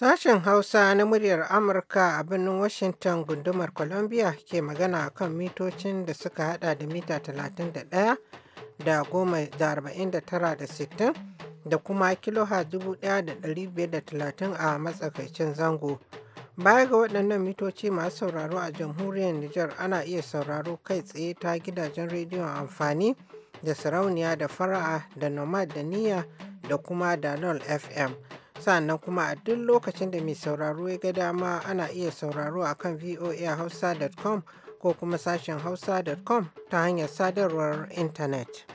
Sashen Hausa na muryar Amurka a birnin Washington gundumar Columbia ke magana a kan mitocin da suka hada da mita 31 da da kuma kiloha dubu a matsakaicin zango. Baya ga waɗannan mitoci masu sauraro a jamhuriyar Nijar ana iya sauraro kai tsaye ta gidajen rediyon amfani da sarauniya da fara'a da nomad da niyya da kuma danol FM. sannan kuma a duk lokacin da mai sauraro ya ga dama ana iya sauraro a kan voahausa.com ko kuma sashen hausa.com ta hanyar sadarwar intanet.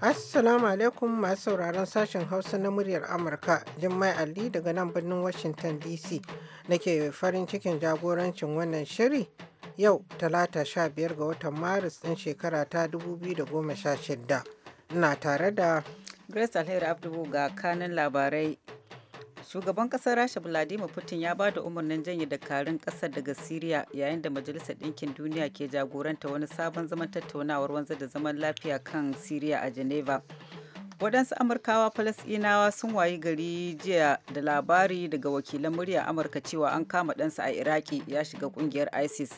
Assalamu alaikum masu sauraron sashen Hausa na muryar Amurka, Jummai Ali daga nan birnin Washington DC nake farin cikin jagorancin wannan shiri yau talata sha biyar ga watan Maris ɗin shekara ta dubu biyu da goma sha 2016. na tare da Grace Alheri Abdu ga kanin labarai. Shugaban kasar Rasha Vladimir Putin ya ba da umarnin janye dakarun kasar daga Siriya yayin da Majalisar Ɗinkin Duniya ke jagoranta wani sabon zaman tattaunawar wanzar da zaman lafiya kan Siriya a Geneva. wadansu amurkawa falasɗinawa sun wayi gari jiya da labari daga wakilan murya amurka cewa an kama ɗansa a iraki ya shiga ƙungiyar isis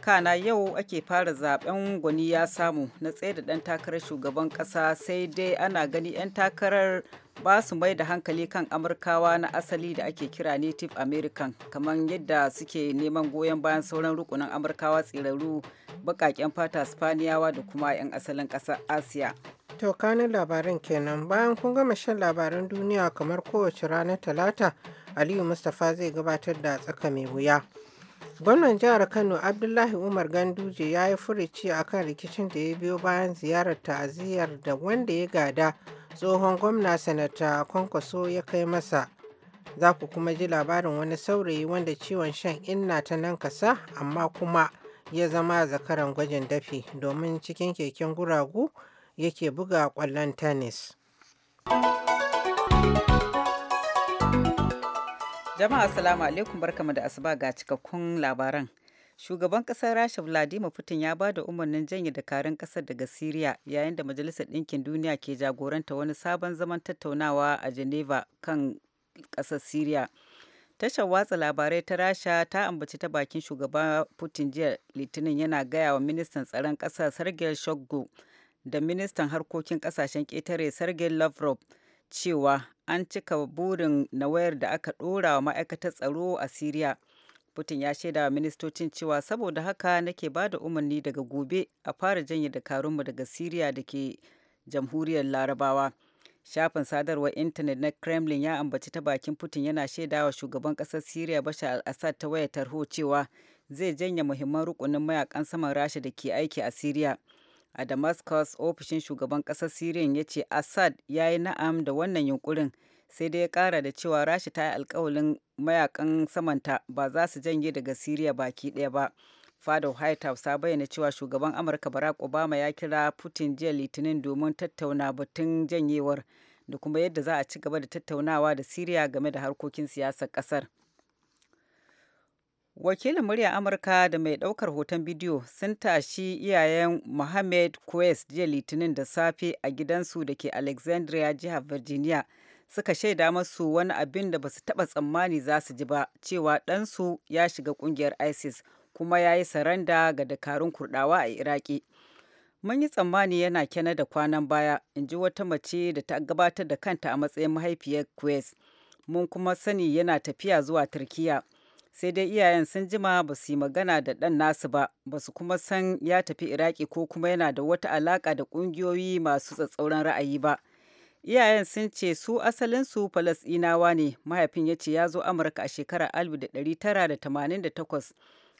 kana yau ake fara zaben gwani ya samu na tsaye da ɗan takarar shugaban ƙasa sai dai ana gani 'yan takarar ba su mai da hankali kan amurkawa na asali da ake kira native american kamar yadda suke neman goyon bayan sauran rukunin amurkawa tsirarru bakaken fata spaniyawa da kuma 'yan asalin kasar asiya to kanin labarin kenan bayan kun gama shan labarin duniya kamar kowace ranar talata aliyu mustapha zai gabatar da tsaka mai wuya gwamnan jihar kano abdullahi umar ganduje ya yi furici akan rikicin da ya biyo bayan ziyarar ta'aziyar da wanda ya gada tsohon gwamna sanata kwankwaso ya kai masa za ku kuma ji labarin wani saurayi wanda ciwon shan inna ta nan kasa amma kuma ya zama zakaran gwajin dafi domin cikin keken guragu yake buga kwallon tennis. jama'a salamu alaikum barkamu da asuba ga cikakkun labaran shugaban kasar rasha vladimir putin ya ba da umarnin janye dakarun kasar daga syria yayin da majalisar ɗinkin duniya ke jagoranta wani sabon zaman tattaunawa a geneva kan kasar syria tashar watsa labarai ta rasha ta ambaci ta bakin shugaba putin jiya litinin yana gaya wa ministan tsaron kasar sergei shoggu da ministan harkokin kasashen ƙetare sergei lavrov cewa an cika burin na wayar da aka ɗora wa ma'aikatar tsaro a syria Putin ya shaida wa ministocin cewa saboda haka nake ba da umarni daga gobe a fara janye dakarunmu daga Siriya da ke jamhuriyar Larabawa. Shafin sadarwar intanet na Kremlin ya ambaci ta bakin Putin yana shaida wa shugaban ƙasar Siriya Bashar al-Assad ta wayar tarho cewa zai janye muhimman rukunin mayakan saman Rasha da ke aiki a Siriya. A Damascus, ofishin shugaban ƙasar Siriya ya ce Assad ya yi na'am da wannan yunkurin. sai dai ya kara da cewa rasha ta yi alkawalin mayakan samanta ba za su janye daga siriya baki daya ba fadar white house ta bayyana cewa shugaban amurka barack obama ya kira putin jiya litinin domin tattauna batun janyewar da kuma yadda za a ci gaba da tattaunawa da siriya game da harkokin siyasar kasar wakilin murya amurka da mai daukar hoton bidiyo sun tashi iyayen mohamed quest jiya litinin da safe a gidansu da ke alexandria jihar virginia suka shaida masu wani abin da ba su taɓa tsammani za su ji ba cewa ɗansu ya shiga ƙungiyar isis kuma ya yi saranda ga dakarun kurɗawa a iraki mun yi tsammani yana kyana da kwanan baya in ji wata mace da ta gabatar da kanta a matsayin mahaifiyar quest mun kuma sani yana tafiya zuwa turkiya sai dai iyayen sun jima ba su yi magana da ɗan nasu ba ba su kuma san ya tafi iraki ko kuma yana da wata alaƙa da ƙungiyoyi masu tsatsauran ra'ayi ba Iyayen sun ce su asalinsu Falasɗinawa ne, mahaifin ya ce ya zo Amurka a shekarar 1988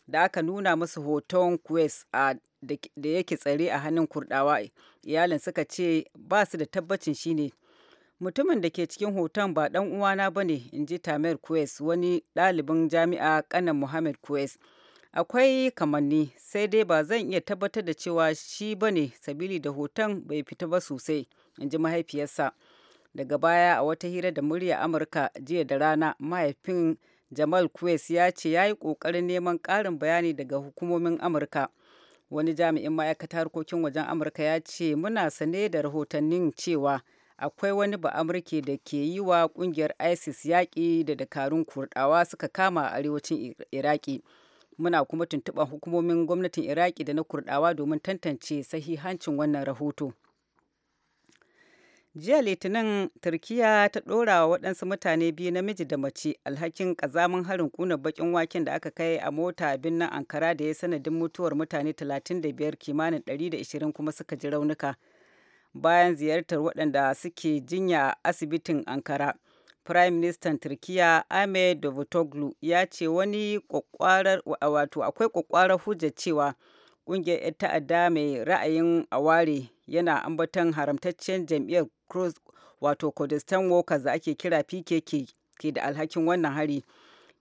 da aka nuna musu hoton Quest da yake tsare a hannun Kurdawa. Iyalin suka ce ba su da tabbacin shine Mutumin da ke cikin hoton ba ɗan uwana ba ne, in ji tamir Quest, wani ɗalibin jami'a kanan Muhammad Quest. akwai kamanni sai dai ba zan iya tabbatar da cewa shi ba ne sabili da hoton bai fita ba sosai in ji mahaifiyarsa daga baya a wata hira da murya amurka jiya da rana mahaifin jamal kwes ya ce ya yi kokarin neman karin bayani daga hukumomin amurka wani jami'in ma'aikatar harkokin wajen amurka ya ce muna sane da rahotannin cewa akwai wani ba'amurke da ke yi wa kungiyar isis yaƙi da dakarun kurdawa suka kama a arewacin iraki muna kuma tuntuɓar hukumomin gwamnatin iraki da na kurdawa domin tantance sahihancin wannan rahoto jiya litinin Turkiyya ta ɗora wa waɗansu mutane biyu namiji da mace alhakin ƙazamin harin kuna baƙin waken da aka kai a mota a birnin ankara da ya sanadin mutuwar mutane 35 kimanin 120 kuma suka ji raunuka bayan ziyartar waɗanda suke jinya a asibitin ankara prime minister turkiya ahmed davutoglu ya ce wani wato akwai kwakwarar hujjar cewa ƙungiyar 'yan ta'adda mai ra'ayin aware yana ambaton haramtaccen jam'iyyar cross wato codestan workers da ake kira pkk ke da alhakin wannan hari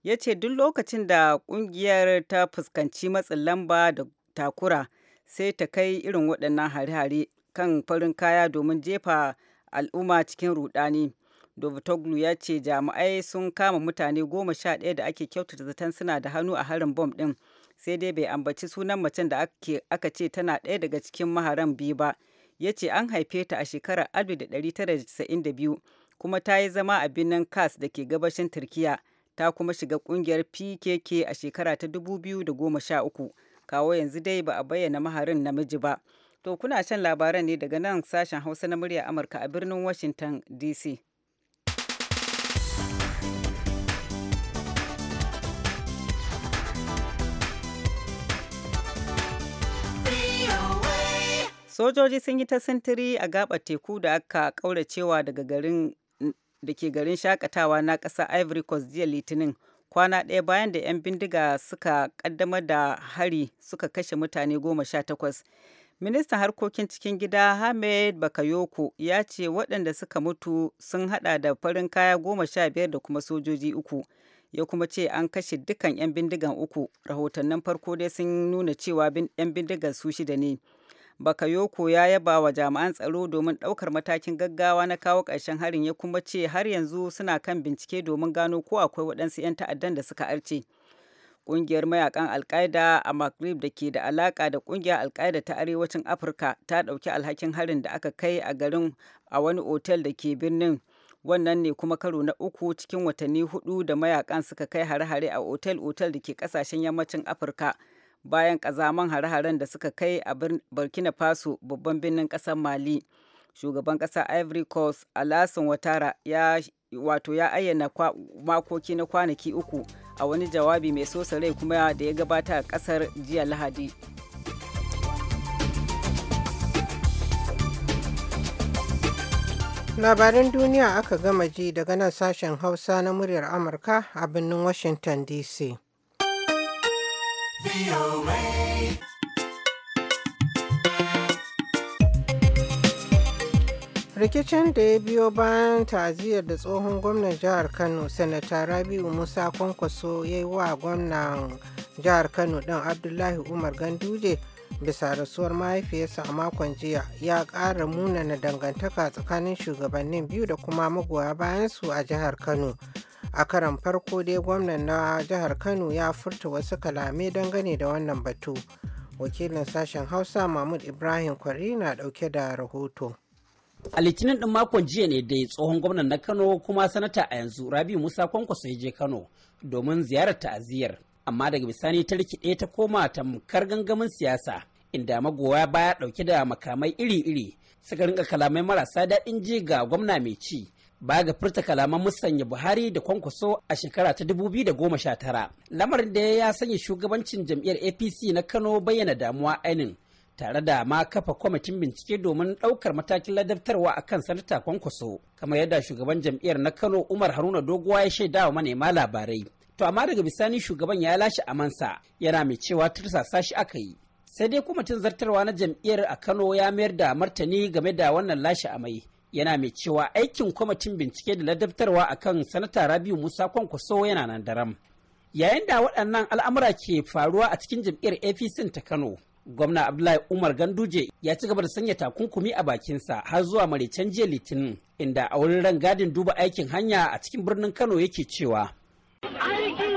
ya ce duk lokacin da kungiyar ta fuskanci matsin lamba da takura sai ta kai irin waɗannan hare-hare kan farin kaya domin jefa al'umma cikin rudani dovitoglu ya ce jami'ai sun kama mutane goma sha ɗaya da ake kyautata zaton suna da hannu a harin bom ɗin sai dai bai ambaci sunan macen da aka ce tana ɗaya daga cikin maharan biyu ba ya ce an haife ta a shekarar 1992 kuma ta yi zama a birnin kas da ke gabashin Turkiya ta kuma shiga kungiyar PKK a shekara ta 2013 kawo yanzu dai ba a bayyana maharin namiji ba. To kuna shan labaran ne daga nan sashen Hausa na murya Amurka a birnin Washington DC. sojoji sun yi ta sintiri a gaɓar teku da aka ƙauracewa daga garin mm, da ke garin shakatawa na ƙasa ivory coast jiya litinin kwana ɗaya bayan da 'yan bindiga suka ƙaddamar da hari suka kashe mutane goma sha takwas ministan harkokin cikin gida hamed bakayoko ya ce waɗanda suka mutu sun haɗa da farin kaya goma sha biyar da kuma sojoji uku ya kuma ce an kashe dukkan 'yan bindigan uku rahotannin farko dai sun nuna cewa 'yan bindigan su shida ne Bakayoko ya yaba wa jami'an tsaro domin ɗaukar matakin gaggawa na kawo ƙarshen harin ya kuma ce har yanzu suna kan bincike domin gano ko akwai waɗansu 'yan ta'addan da suka arce. Ƙungiyar mayakan al qaeda a Maghrib da ke da alaƙa da ƙungiyar al qaeda ta Arewacin Afirka ta ɗauki alhakin harin da aka kai a garin a wani otel da ke birnin. Wannan ne kuma karo na uku cikin watanni hudu da mayakan suka kai hare-hare a otel-otel da ke kasashen yammacin Afirka. bayan kazaman hare-haren da suka kai a burkina faso babban birnin kasar mali shugaban ƙasar ivory coast alasan watara ya wato ya ayyana makoki na kwanaki uku a wani jawabi mai sosa rai kuma da ya gabata a kasar jiya lahadi labaran duniya aka gama ji daga nan sashen hausa na muryar amurka a birnin washington dc rikicin da ya biyo bayan taziyar da tsohon gwamnan jihar kano sanata rabiu musa kwankwaso ya yi wa gwamnan jihar kano ɗin abdullahi umar ganduje bisa rasuwar mahaifiyarsa a makon jiya ya ƙara munana dangantaka tsakanin shugabannin biyu da kuma magoya bayansu a jihar kano a karan farko dai gwamnan na jihar kano ya furta wasu kalamai dangane da wannan batu wakilin sashen hausa mahmud ibrahim kwari na dauke da rahoto a litinin din makon jiya ne dai tsohon gwamnan na kano kuma sanata a yanzu rabi musa kwankwaso ya je kano domin ziyarar ta'aziyar amma daga bisani ta rikide ta koma tamkar gangamin siyasa inda magoya baya dauke da makamai iri-iri suka rinka kalamai marasa daɗin ji ga gwamna mai ci baya ga furta kalaman musanya buhari da kwankwaso a shekara ta 2019 lamarin da ya sanya shugabancin jam'iyyar apc na kano bayyana damuwa ainin tare da ma kafa kwamitin bincike domin ɗaukar matakin ladabtarwa a kan sanata kwankwaso kamar yadda shugaban jam'iyyar na kano umar haruna doguwa ya shaida wa manema labarai to amma daga bisani shugaban ya lashe amansa yana mai cewa tursasa shi aka yi sai dai kwamitin zartarwa na jam'iyyar a kano ya mayar da martani game da wannan lashe amai yana mai cewa aikin kwamitin bincike da ladabtarwa a kan sanata rabiu musa kwankwaso yana nan daram yayin da waɗannan al'amura ke faruwa a cikin jam'iyyar apc ta kano gwamna abdullahi umar ganduje ya ci gaba da sanya takunkumi a bakinsa har zuwa maricen jiya litinin inda a wurin rangadin duba aikin hanya a cikin birnin kano yake cewa aikin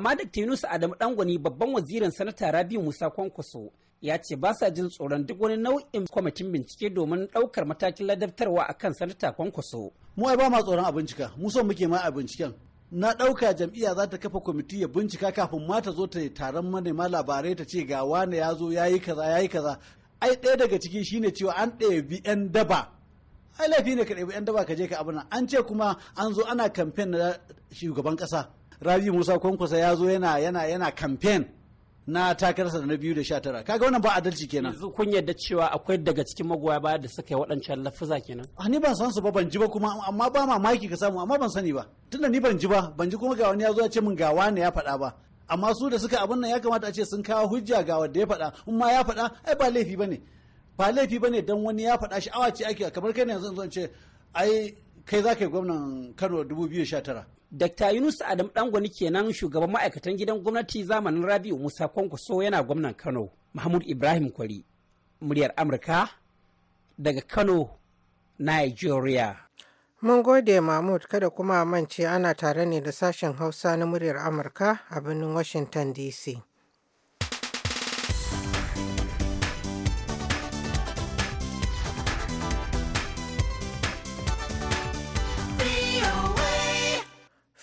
amma da tinus adamu dangwani babban wazirin sanata rabiu musa kwankwaso ya ce ba sa jin tsoron duk wani nau'in kwamitin bincike domin ɗaukar matakin ladabtarwa a kan sanata kwankwaso mu ai ba ma tsoron a bincika mu son muke ma a binciken na ɗauka jam'iyya za ta kafa kwamiti ya bincika kafin ma ta zo ta taron manema labarai ta ce ga wane ya zo ya yi kaza ya kaza ai ɗaya daga ciki shine cewa an ɗebi 'yan daba ai laifi ne ka ɗabi 'yan daba ka je ka abin nan an ce kuma an zo ana kamfen na shugaban ƙasa rabi musa kwankwasa ya zo yana yana yana kamfen na takararsa na biyu da sha tara kaga wannan ba adalci kenan yanzu kun yarda cewa akwai daga cikin magoya baya da suka yi waɗancan lafuza kenan a ah, ni ban san su ba ban ji ba kuma amma ba mamaki ka samu amma ban sani ba tunda ni ban ji ba ban ji kuma ga wani ya zo ya ce min ga wani ya faɗa ba amma su da suka abin nan ya kamata a ce sun kawo hujja ga wanda ya faɗa in ma ya faɗa ai ba laifi bane ba laifi ba ne don wani ya faɗa shi awa ce ake kamar kai ne yanzu zan ce ai kai za ka yi gwamnan kano 2019 Dr. Yunus Adam Dangwani kenan shugaban ma'aikatan gidan gwamnati zamanin Rabi'u Musa Kwankwaso yana gwamnan Kano, Mahmud Ibrahim Kwari, muryar Amurka daga Kano, Nigeria. Mun gode Mahmud kada kuma mance ana tare ne da sashen Hausa na muryar Amurka a birnin Washington DC.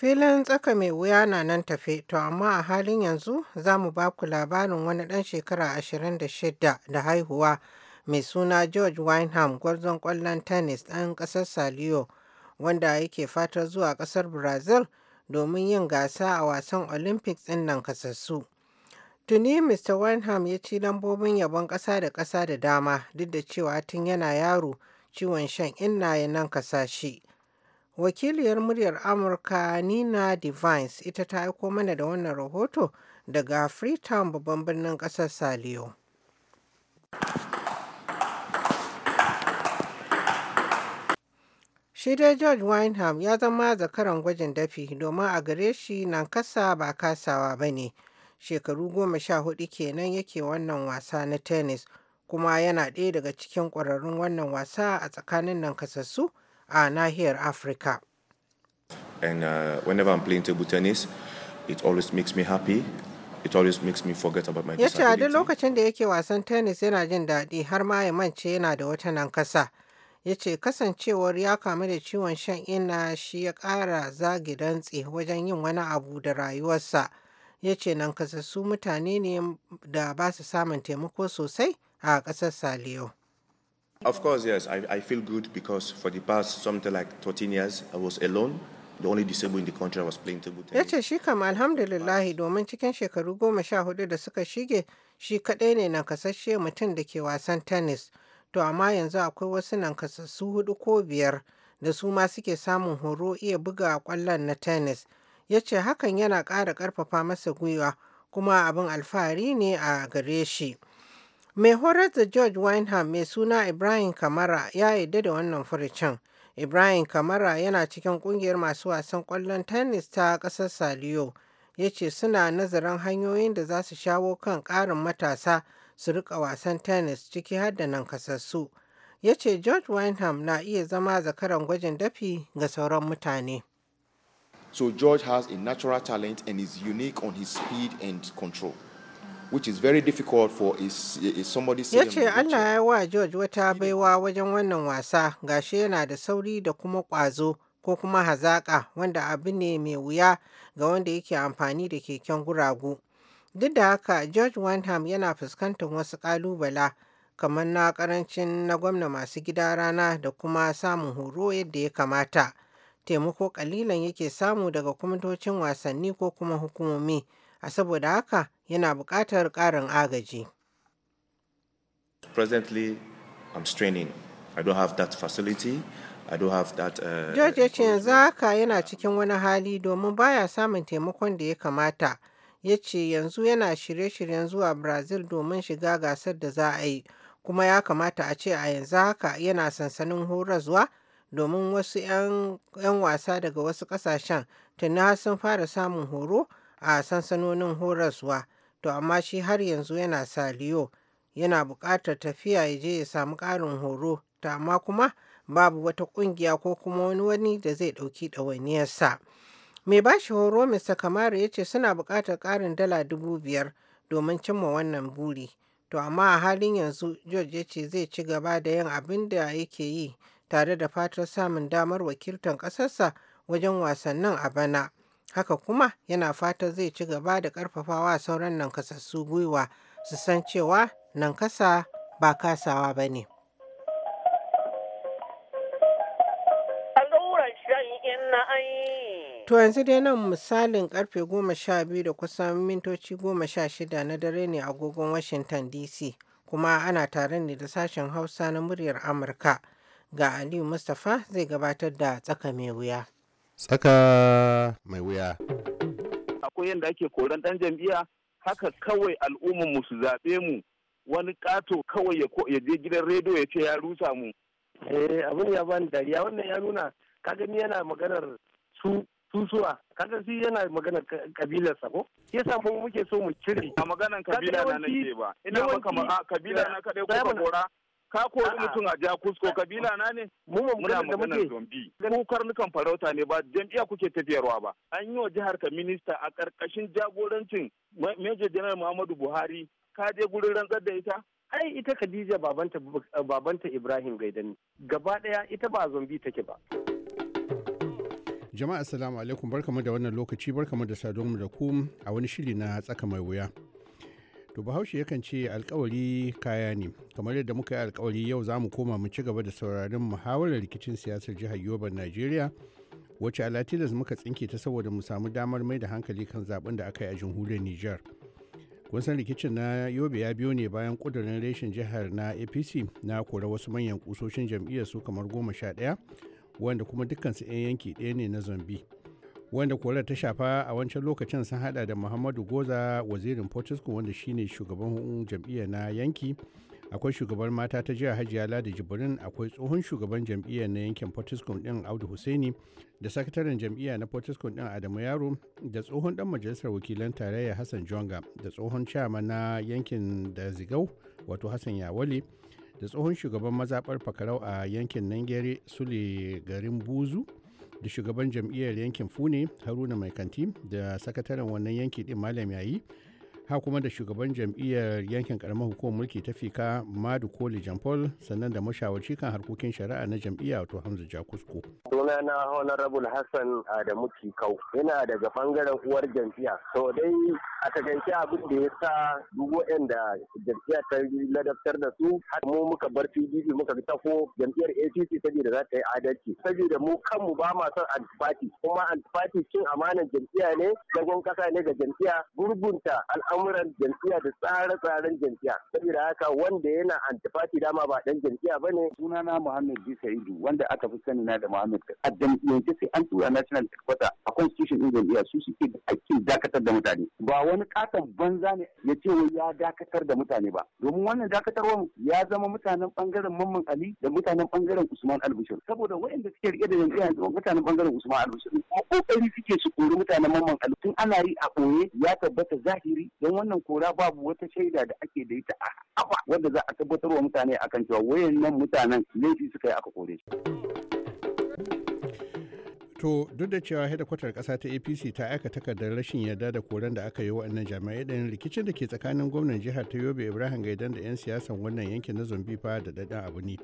Filin tsaka mai wuya na nan tafe, to amma a halin yanzu za mu ba ku labarin wani ɗan shekara 26 da haihuwa mai suna George Wineham gwarzon kwallon tennis ɗan ƙasar Saliyo wanda yake fatar zuwa ƙasar Brazil domin yin gasa a wasan Olympics ɗin nan kasassu. Tuni Mr. Wineham ya ci lambobin yabon ƙasa da ƙasa da dama duk da cewa tun yana yaro ciwon shan inna ya nan kasashe. shi. Wakiliyar muryar Amurka Nina Devines ita ta aiko mana da wannan rahoto daga Freetown babban birnin ƙasar Saliyo. Shi dai George Wineham ya zama zakaran gwajin dafi domin a gare shi nan kasa ba kasawa ba ne. Shekaru goma sha hudu kenan yake wannan wasa na tennis kuma yana ɗaya daga cikin ƙwararrun wannan wasa a tsakanin nan kasassu a nahiyar afirka and uh, whenever i'm playing table tennis it always makes me happy it always makes me forget about my disability. Yace a duk lokacin da yake wasan tennis yana jin daɗi har ma ya mance yana da wata nan kasa ya kasancewar ya kamu da ciwon shan ina shi ya ƙara zagi dantse wajen yin wani abu da rayuwarsa yace ce nan kasassu mutane ne da ba su samun taimako sosai a ƙasar saliyo Of course, yes. I, I feel good because for the past something like 13 years, I was alone. The only disabled in the country I was playing table tennis. Ya ce shi kam alhamdulillahi domin cikin shekaru goma sha hudu da suka shige shi kaɗai ne kasashe mutum da ke wasan tennis. To amma yanzu akwai wasu nakasassu hudu ko biyar da su ma suke samun horo iya buga kwallon na tennis. Ya ce hakan yana ƙara ƙarfafa masa gwiwa kuma abin alfahari ne a gare shi. Mai horar da George Wineham mai suna Ibrahim Kamara ya yarda da wannan furucin. Ibrahim Kamara yana cikin kungiyar masu wasan ƙwallon tennis ta ƙasar Saliyo. Ya ce suna nazarin hanyoyin da za su shawo kan ƙarin matasa su rika wasan tennis ciki har da nan kasassu. Ya ce George Wineham na iya zama zakaran gwajin dafi ga sauran mutane. So George has a natural talent and is unique on his speed and control. which is very difficult for is, somebody ya ce Allah ya wa George wata baiwa wajen wannan wasa gashi yana da sauri da kuma ƙwazo ko kuma hazaƙa wanda abu ne mai wuya ga wanda yake amfani da keken guragu duk da haka George Wanham yana fuskantar wasu ƙalubala kamar na ƙarancin na gwamna masu gida rana da kuma samun horo yadda ya kamata taimako ƙalilan yake samu daga kwamitocin wasanni ko kuma hukumomi. a saboda haka yana buƙatar ƙarin agaji. Presently, I'm straining. I don't have that facility. Uh, George ya ce yanzu haka yana cikin wani hali domin baya samun taimakon da ya kamata. Ya ce yanzu yana shirye-shiryen zuwa Brazil domin shiga gasar da za a yi, kuma ya kamata a ce a yanzu haka yana sansanin zuwa, domin wasu 'yan wasa daga wasu ƙasashen tuni har sun fara samun horo a sansanonin horaswa to amma shi har yanzu yana saliyo yana buƙatar tafiya ya je ya samu ƙarin horo ta amma kuma babu wata ƙungiya ko kuma wani wani da zai ɗauki ɗawainiyarsa. Mai shi horo mista Kamaru ya ce suna buƙatar ƙarin dala dubu biyar domin cimma wannan buri. To amma a halin yanzu George ya ce zai ci gaba da yin abin da yake yi tare da fatar samun damar wakiltar ƙasarsa wajen wasannin a bana. Haka kuma yana fata zai ci gaba da ƙarfafawa sauran kasassu gwiwa su san cewa nankasa ba kasawa ba ne. To yanzu dai nan misalin karfe goma sha da kusan mintoci 16 na dare ne a agogon Washington DC kuma ana tare ne da sashen Hausa na muryar Amurka ga Aliyu Mustapha zai gabatar da tsaka mai wuya. tsaka mai wuya. Akwai yadda ake koran ɗan jam'iyya haka kawai al'umman mu su zaɓe mu wani ƙato kawai ya je gidan rediyo ya ce ya rusa mu. Eh abin ya bani dariya wannan ya nuna kaga ni yana maganar su susuwa kaga shi yana maganar kabilar sa ko Ya mu muke so mu cire. A maganar kabila na nake ba ina maka kabila na kadai ko ka ka kori mutum a ja kusko kabila na ne muna maganar zombi mu karnukan farauta ne ba jam'iyya kuke tafiyarwa ba an yi wa jihar ka minista a karkashin jagorancin major general muhammadu buhari ka je gurin rantsar da ita ai ita khadija babanta ibrahim gaidani gaba ɗaya ita ba zombi take ba jama'a assalamu alaikum barkamu da wannan lokaci barkamu da sadonmu da ku a wani shiri na tsaka mai wuya to bahaushe yakan ce alkawari kaya ne kamar yadda muka yi alkawari yau za mu koma mu ci gaba da sauraron muhawarar rikicin siyasar jihar yoban najeriya wacce a latinas muka tsinke ta saboda mu samu damar mai da hankali kan zaben da aka yi a jamhuriyar niger kun san rikicin na yobe ya biyo ne bayan kudurin reshen jihar na apc na kora wasu manyan kusoshin jam'iyyar su kamar goma sha ɗaya wanda kuma dukkansu 'yan yanki ɗaya ne na zambi wanda korar ta shafa a wancan lokacin sun hada da muhammadu goza wazirin portugal wanda shine shugaban jam'iyya na yanki akwai shugaban mata ta jiya hajiya ladi jibrin akwai tsohon shugaban jam'iyyar na yankin portugal din audu husaini da sakataren jam'iyya na portugal din adamu yaro da tsohon dan majalisar wakilan tarayya hassan jonga da tsohon chairman na yankin da zigau wato hassan yawale da tsohon shugaban mazaɓar fakarau a yankin nangere sule garin buzu da shugaban jam'iyyar yankin fune haruna mai kanti da sakataren wannan yanki din malam yayi ha kuma da shugaban jam'iyyar yankin karamar hukumar mulki ta fika madu koli jampol sannan da mashawarci kan harkokin shari'a na jam'iyya wato hamza jakusko na honorable hassan adamu kikau yana daga bangaren uwar jam'iyya to dai a takaice abin da ya sa duk waɗanda jam'iyyar ta yi ladabtar da su har mu muka bar pdp muka tafo jam'iyyar apc saboda za ta yi adalci saboda mu kanmu ba ma son antifati kuma antifati cin amanar jam'iyya ne zagon kasa ne ga jam'iyya gurgunta al'amuran al'amuran jam'iyya da tsare-tsaren jam'iyya saboda haka wanda yana antifati dama ba dan jam'iyya ne. sunana Muhammad bisa Saidu wanda aka fi sani na da Muhammad a jam'iyyance sai an tura national headquarter a constitution din jam'iyya su suke da hakkin dakatar da mutane ba wani katon banza ne ya ce wai ya dakatar da mutane ba domin wannan dakatarwar ya zama mutanen bangaren Mamman Ali da mutanen bangaren Usman Albishir saboda waɗanda suke rike da jam'iyya da mutanen bangaren Usman Albishir ko kokari suke su kori mutanen Mamman Ali tun ana yi a ɓoye ya tabbata zahiri don wannan kora babu wata shaida da ake da ita a haba wanda za a tabbatar wa mutane akan cewa wayannan mutanen laifi suka yi aka kore shi. to duk da cewa hidda-kwatar kasa ta apc ta aika takardar rashin yarda da koren da aka yi wa'annan jami'ai ɗin rikicin da ke tsakanin gwamnan jihar ta yobe ibrahim gaidan da 'yan siyasan wannan yankin na zombi fa da daɗin abu ne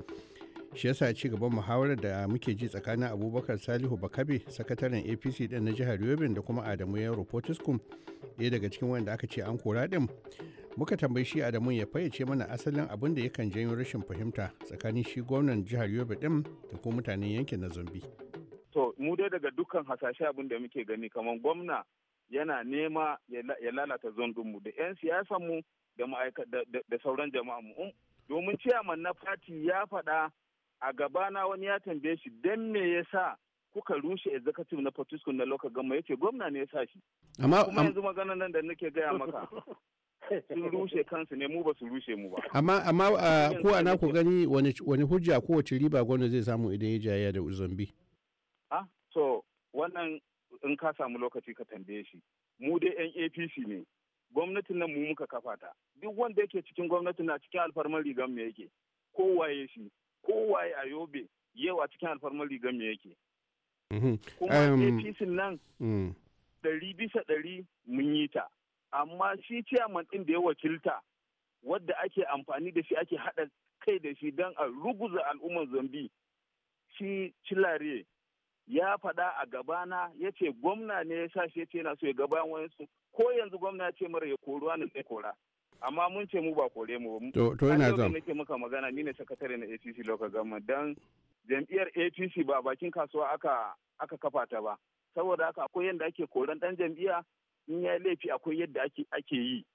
shi yasa ci gaban muhawarar da muke ji tsakanin abubakar salihu bakabe sakataren apc din na jihar yobin da kuma adamu ya potiskum ɗaya daga cikin wanda aka ce an kora din muka tambayi shi adamu ya fayyace mana asalin abin da yakan janyo rashin fahimta tsakanin shi gwamnan jihar yobe din da kuma mutanen yankin na zombi to mu dai daga dukkan hasashe abin da muke gani kamar gwamna yana nema ya lalata zondunmu da 'yan siyasanmu da sauran mu domin ciyaman na fati ya faɗa a gabana wani ya tambaye shi dan me ya sa kuka rushe executive na Fortisco na local gama yace gwamna ne ya sa shi amma kuma yanzu magana nan da nake gaya maka sun rushe kansu ne mu ba su rushe mu ba amma amma ko ana ku gani wani hujja ko wace riba gwamna zai samu idan ya jaya da Uzambi a ah, so wannan in ka samu lokaci ka tambaye shi mu dai yan APC ne gwamnatin nan mu muka kafa ta duk wanda yake cikin gwamnati na cikin alfarmar rigar mu yake waye shi kowaye a yobe yau a cikin alfarmar rigar me yake mhm. kuma apc nan mm. ɗari bisa ɗari mun yi ta amma shi ciyaman ɗin da ya wakilta wadda ake amfani da shi ake haɗa kai da shi don a ruguza al'ummar zambi shi cilare ya faɗa a gabana ya ce gwamna ne ya sa ya ce yana so ya gabayan wayansu ko yanzu gwamna ya ce mara ya koruwa na zai amma mun ce mu ba kore mu to to ina zan nake maka magana ni ne sakatare na APC local government dan jam'iyyar APC ba bakin kasuwa aka aka kafa ta ba saboda haka akwai yadda ake koran dan jam'iyya in ya laifi akwai yadda ake ake yi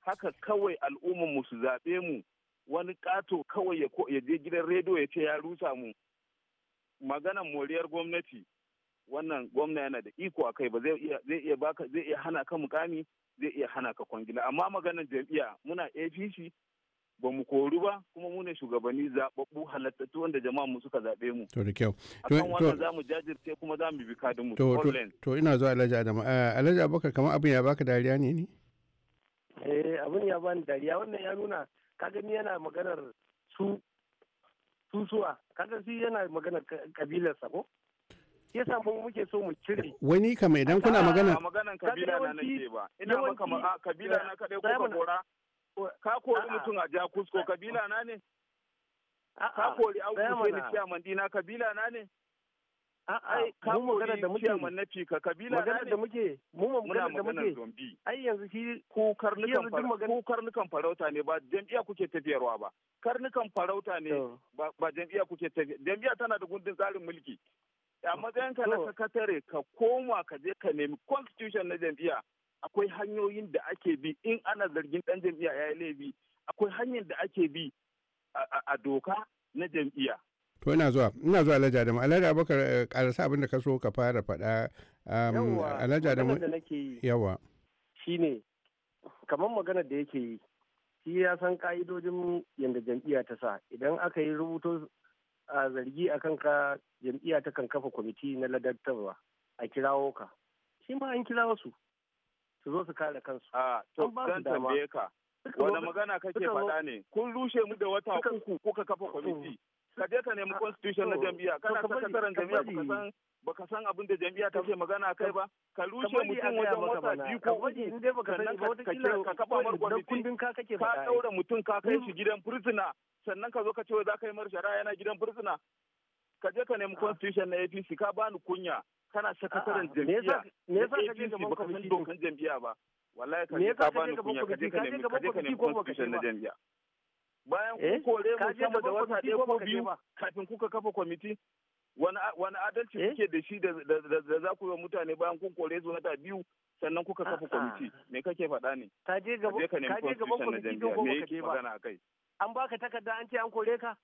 haka kawai al'umman mu su zaɓe mu wani kato kawai ya je gidan rediyo ya ce ya rusa mu maganan moriyar gwamnati wannan gwamna yana da iko a kai ba zai iya hana ka mukami zai iya hana ka kwangila amma maganar jam'iyya muna apc ba mu kori ba kuma mu ne shugabanni zaɓaɓɓu halattattu wanda jama'a mu suka zaɓe mu. To da kyau. Akan wannan za mu jajirce kuma za mu bi kadin mu. To to ina zuwa Alhaji adama eh, Alhaji Abubakar kamar abin ya baka dariya ne ni? Eh abin ya bani dariya wannan ya nuna ka gani yana maganar su susuwa kaga shi yana maganar kabilarsa ko? yasa mu muke so mu cire wani kama idan kuna magana a maganan kabila na nake ba ina maka ma kabila na kadai ko ka kora ka kori mutum a ja kusko kabila na ne ka kori an kusa ni ciyaman dina kabila na ne ai ka magana da muke ciyaman na fika kabila na ne da muke mu muna da muke ai yanzu shi ko karnukan farauta ko karnukan farauta ne ba jami'a kuke tafiyarwa ba karnukan farauta ne ba jami'a kuke tafiya jami'a tana da gundun tsarin mulki a matsayinka na sakatare ka koma ka je ka nemi constitution na jam'iyya akwai hanyoyin da ake bi in ana zargin dan jam'iyya ya yi laifi akwai hanyar da ake bi a doka na jam'iyya to ina zuwa ina zuwa alhaji adamu alhaji abubakar karasa eh, abin da ka so ka fara faɗa alhaji adamu yawa shine kamar maganar da yake yi shi ya san ka'idojin yadda jam'iyya ta sa idan aka yi rubuto a zargi a kanka jam'iyya ta kan kafa kwamiti na ladattarwa a kirawo ka shi ma an kirawo su su zo su kare kansu a to zan tambaye ka wani magana kake faɗa ne kun rushe mu da wata uku kuka kafa kwamiti ka je ka nemi constitution na jam'iyya kana sakataren jam'iyya ba san ka san abin da jam'iyya ce magana kai ba ka rushe mutum wajen wata biyu ko uku sannan ka kafa mar kwamiti ka daura mutum ka kai shi mm. gidan fursuna sannan ka zo ka ce za ka yi mar shari'a yana gidan fursuna ka je ka nemi ah. constitution na APC ka bani kunya kana sakataren ah, jam'iyya me yasa ka je gaban kwamiti dokan jam'iyya ba wallahi ka je ka bani kunya ka je ka nemi constitution na jam'iyya bayan kun eh? kore mu sama da wata ɗaya ko biyu kafin kuka kafa kwamiti wani adalci eh? kuke da shi da za ku yi wa mutane bayan kun kore su wata biyu sannan kuka kafa kwamiti me kake faɗa ne ka je gaban je gaba ko ba magana akai an baka takarda an ce an kore ka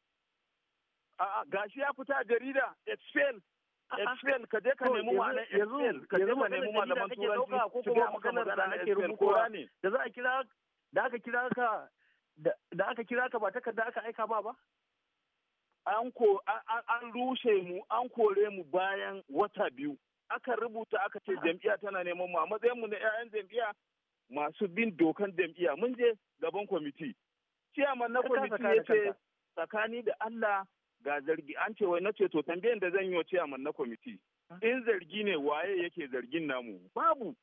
a'a gashi ya fita a jarida excel Excel ka je ka nemi malaman Excel ka je ka nemi malaman turanci ko kuma maganar da ake ne da za a kira da aka kira ka da aka kira ka ba takarda aka aika ba ba an rushe mu an kore mu bayan wata biyu aka rubuta aka ce jam'iyya tana neman mu a matsayin mu na 'ya'yan jam'iyya masu bin dokan jam'iyya mun je gaban kwamiti ciyaman na kwamiti ya ce tsakani da Allah ga zargi an ce wai na ce to tambayan da zan yi wa ciyaman na kwamiti in zargi ne waye yake zargin namu babu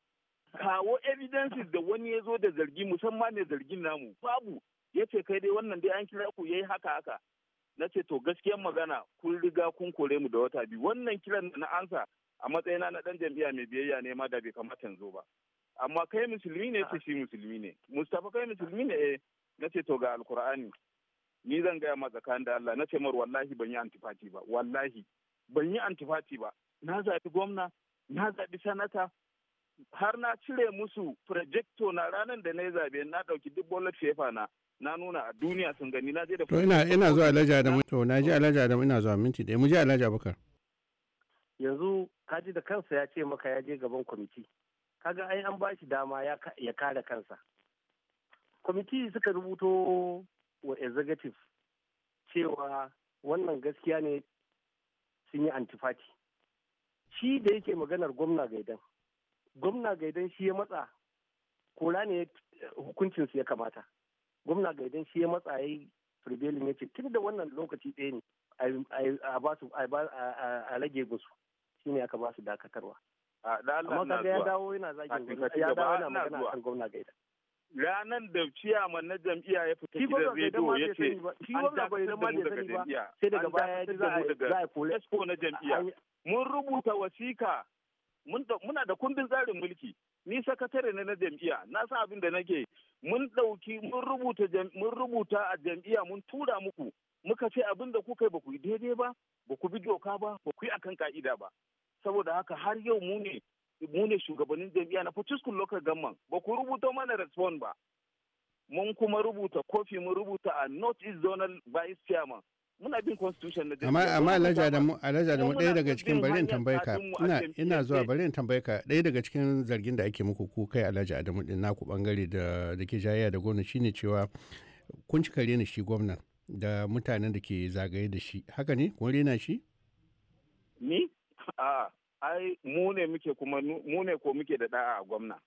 kawo evidences da wani ya zo da zargi musamman ne zargin namu babu ya ce kai dai wannan dai an kira ku yi haka haka na ce to gaskiyan magana kun riga kun kore mu da wata biyu wannan kiran na ansa a matsayina na dan jam'iyya mai biyayya ne ma da bai kamata yanzu ba amma kai musulmi ne ce shi musulmi ne mustafa kai musulmi ne eh na ce to ga alkur'ani ni zan gaya ma tsakanin da Allah na ce mar wallahi ban yi antifati ba wallahi ban yi antifati ba na zaɓi gwamna na zaɓi sanata har na cire musu projecto na ranar da na yi zabe na dauki duk bullet paper na na nuna a duniya sun gani na je da to ina ina zuwa alhaji da to na je alhaji da ina zuwa minti da mu je alhaji abubakar yanzu kaji da kansa ya ce maka ya je gaban kwamiti kaga ai an ba shi dama ya kare kansa kwamiti suka rubuto wa executive cewa wannan gaskiya ne sun yi antifati shi da yake maganar gwamna gaidan gwamna gaidan shi ya matsa kora ne hukuncin su ya kamata gwamna gaidan shi ya matsa ya yi prevailing ya ce tun da wannan lokaci ɗaya ne a rage gusu shi ne aka ba su dakatarwa amma kaga ya dawo yana zagin ya dawo yana magana kan gwamna ranar da ciyama na jam'iyya ya fita gidan rediyo ya ce an dakatar da mu daga jam'iyya an dakatar da mu daga esko na jam'iyya mun rubuta wasiƙa muna da kundin tsarin mulki ni sakatare ne na jam'iyya na san abin da nake mun ɗauki mun rubuta a jam'iyya mun tura muku muka ce abin da kuka yi ba ku yi daidai ba ba ku bi doka ba ba ku yi akan ka'ida ba saboda haka har yau mu ne mu ne shugabannin jam'iyya na Fortiskun Local Government ba ku rubuta mana respond ba mun kuma rubuta kofi mun rubuta a North East Zonal Vice Chairman muna bin constitution na amma amma alaja da alaja da ɗaya daga cikin bari in tambaye ka ina ina zuwa eh, eh. bari in tambaye ka ɗaya daga cikin zargin da ake muku ku kai alaja Adamu din naku bangare da da ke jayayya da gwamnati shine cewa kun cika rena shi gwamnan da mutanen da ke zagaye da shi haka ne kun rena shi ni a ai mu ne muke kuma mu ne ko muke da da'a gwamna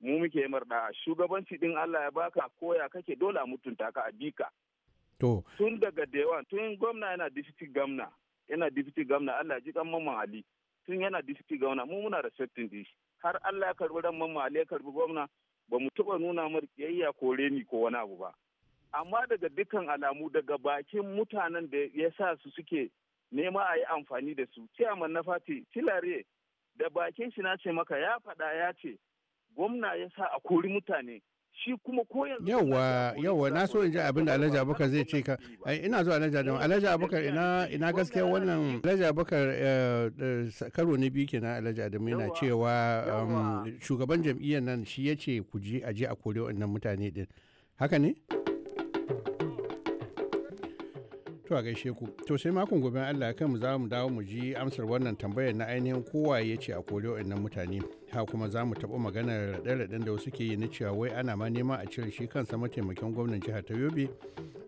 mu muke mar da'a shugabanci din Allah ya baka koya kake dole a mutunta ka a bika To. Tun daga dewan tun gwamna yana difiti gamna yana difiti gamna Allah ji kan mamman Ali tun yana difiti gamna mu muna da settin har Allah ya karbi ran mamman Ali ya karbi gwamna ba mu taba nuna mar kiyayya ko reni ko wani abu ba. Amma daga dukkan alamu daga bakin mutanen da ya sa su suke nema a yi amfani da su. Ciyaman na fati tilare da bakin shi na ce maka ya faɗa ya ce gwamna ya sa a kori mutane shi kuma ko yanzu yawa yawa na so in ji abin da alhaji abubakar zai ce ka ina zuwa alhaji da alhaji abubakar ina ina gaskiya wannan alhaji abubakar eh, eh, karo na biyu kenan alhaji adamu yana cewa um, shugaban jam'iyyar nan shi ya ce ku je a je a kore wannan mutane din haka ne To a gaishe ku. To sai makon gobe Allah kan mu za mu dawo mu ji amsar wannan tambayar na ainihin kowa ya ce a koli wa'annan mutane. Ha kuma za mu taɓa maganar raɗe-raɗen da wasu ke yi na cewa wai ana ma nema a cire shi kansa mataimakin gwamnan jihar ta Yobe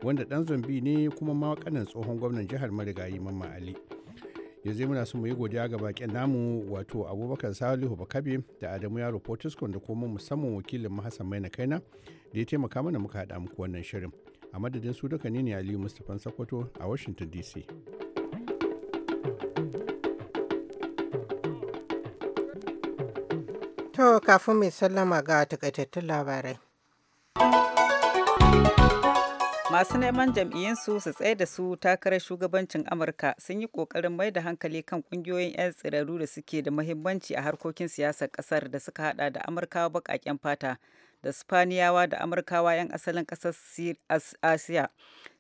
wanda ɗan zambi ne kuma ma tsohon gwamnan jihar Marigayi Mamman Ali. yanzu muna son mu yi godiya ga bakin namu wato abubakar salihu bakabe da adamu yaro potiskon da kuma musamman wakilin mahasan mai na kaina da ya taimaka mana muka haɗa muku wannan shirin a madadin su duka ne ne aliyu mustapha sakwato a washington dc to kafin mai sallama ga takaitattun labarai masu neman jam'iyyinsu su tsaye da su takarar shugabancin amurka sun yi kokarin mai da hankali kan kungiyoyin 'yan tsiraru da suke da muhimmanci a harkokin siyasar kasar da suka hada da amurkawa baƙaƙen fata da Spaniyawa da Amurkawa 'yan asalin ƙasar Asiya.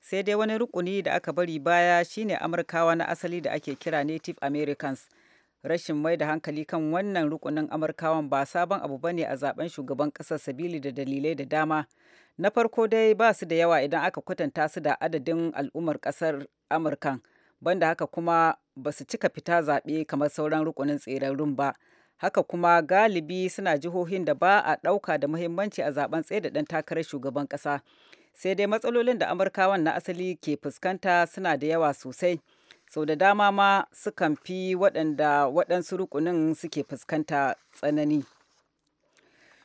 Sai dai wani rukuni da aka bari baya shine Amurkawa na asali da ake kira Native Americans. Rashin mai da hankali kan wannan rukunin Amurkawan ba sabon abu bane a zaben shugaban ƙasar sabili da dalilai da dama. Na farko dai ba su da yawa idan aka kwatanta su da adadin al'ummar ƙasar Amurkan. Banda haka kuma ba su cika fita zaɓe kamar sauran rukunin tserarrun ba. haka kuma galibi suna jihohin da ba a ɗauka da muhimmanci a zaben tsaye da ɗan takarar shugaban ƙasa sai dai matsalolin da amurkawan na asali ke fuskanta suna da yawa sosai sau da dama ma sukan fi waɗanda waɗansu rukunin suke fuskanta tsanani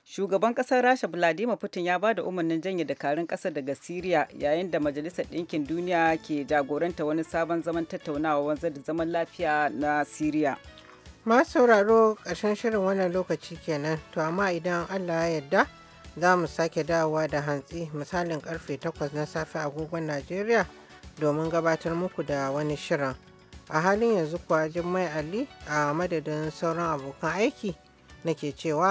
shugaban ƙasar rasha vladimir putin ya ba da umarnin janye dakarun ƙasa daga syria yayin da majalisar ɗinkin duniya ke jagoranta wani sabon zaman tattaunawa wanzar da zaman lafiya na syria Ma sauraro ƙarshen shirin wannan lokaci kenan, to amma idan Allah ya yarda za mu sake dawowa da hantsi misalin karfe 8 na safe agogon Najeriya domin gabatar muku da wani shirin. A halin yanzu kuwa Jummai Ali a madadin sauran abokan aiki nake cewa